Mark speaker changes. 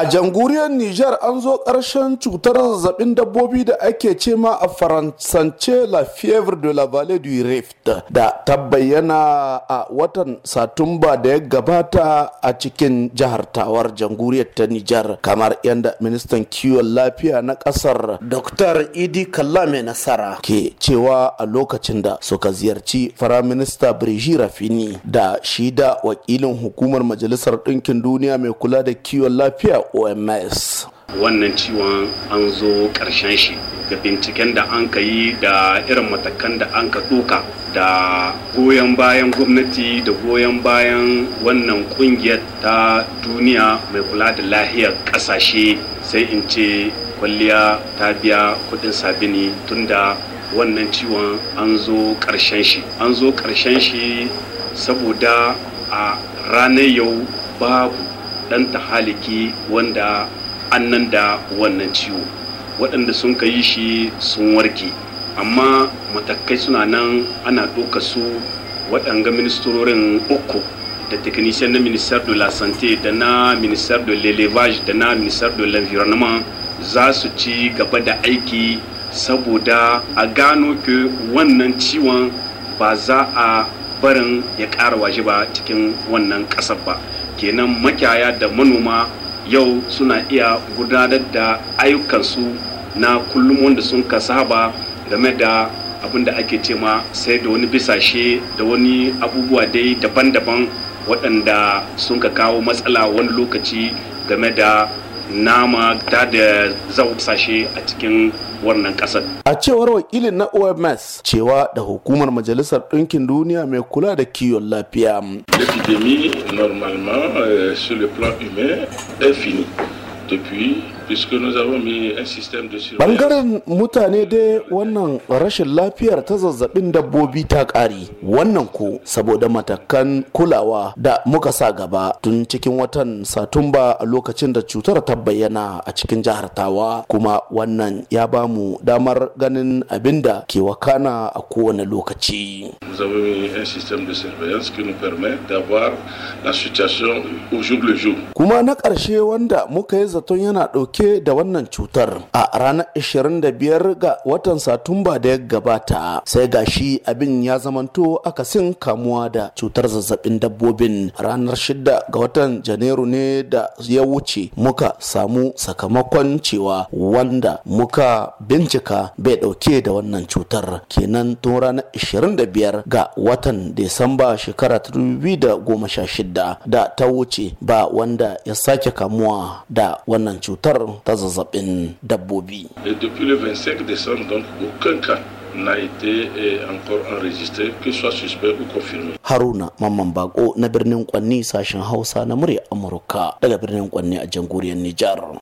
Speaker 1: A jamhuriyar Nijar an zo ƙarshen cutar zazzabin dabbobi da ake ce ma a faransance La Fièvre de la Vallée du Rift da ta bayyana a watan Satumba da ya gabata a cikin jihar Tawar jamhuriyar ta Nijar kamar yadda ministan kiwon lafiya na ƙasar Dr. Idi Kallame Nasara ke cewa a lokacin da suka ziyarci minista Birji Rafini da shida wakilin hukumar Majalisar Ɗinkin Duniya mai kula da kiwon lafiya
Speaker 2: oms wannan ciwon an zo ƙarshen shi da binciken da an ka yi da irin matakan da an ka ɗoka da goyon bayan gwamnati da goyon bayan wannan ƙungiyar ta duniya mai kula da lahiyar ƙasashe sai in ce kwalliya ta biya kuɗin sabini tunda wannan ciwon an zo ƙarshen shi an zo ƙarshen shi saboda a ranar yau babu ɗan tahaliki wanda annan da wannan ciwo waɗanda sun ka yi shi sun warke amma matakai suna nan ana ɗauka su waɗanga ministrorin uku da teknisiyan na ministère de la santé da na ministère de l'élevage da na ministère de l'environnement za su ci gaba da aiki saboda a gano ke wannan ciwon ba za a barin ya ƙara waje ba cikin wannan ƙasar ba kenan makiyaya da manoma yau suna iya gudanar da ayyukansu na kullum wanda sun ka saba game da abin da ake cema sai da wani bisashe da wani abubuwa dai daban-daban waɗanda sun ka kawo matsala wani lokaci game da nama ta da zausashe a cikin wannan kasar. A cewar
Speaker 1: wakilin na OMS cewa da hukumar Majalisar Ɗinkin Duniya mai kula da kiwon
Speaker 3: lafiya. L'épidémie normalement euh, sur le plan humain est fini depuis Bangaren
Speaker 1: mutane dai wannan rashin lafiyar ta zazzabin dabbobi ta ƙari wannan ko saboda matakan kulawa da muka sa gaba tun cikin watan satumba a lokacin da cutar ta bayyana a cikin jihar tawa kuma wannan ya ba mu damar ganin abin da ke wakana a kowane lokaci. Kuma na ƙarshe wanda muka yi zaton yana ɗauki suke da wannan cutar a ranar 25 ga watan satumba da ya gabata sai ga shi abin ya zamanto aka sin kamuwa da cutar zazzabin dabbobin ranar 6 ga watan janairu ne da ya wuce muka samu sakamakon cewa wanda muka bincika bai dauke da wannan cutar kenan tun ranar 25 ga watan Desamba shekara 2016 da ta wuce ba wanda ya sake kamuwa da wannan cutar cutar ta zazzabin dabbobi. Eh, Haruna Mamman Bako na birnin Kwanni sashen Hausa na murya Amurka daga birnin Kwanni a jamhuriyar Nijar.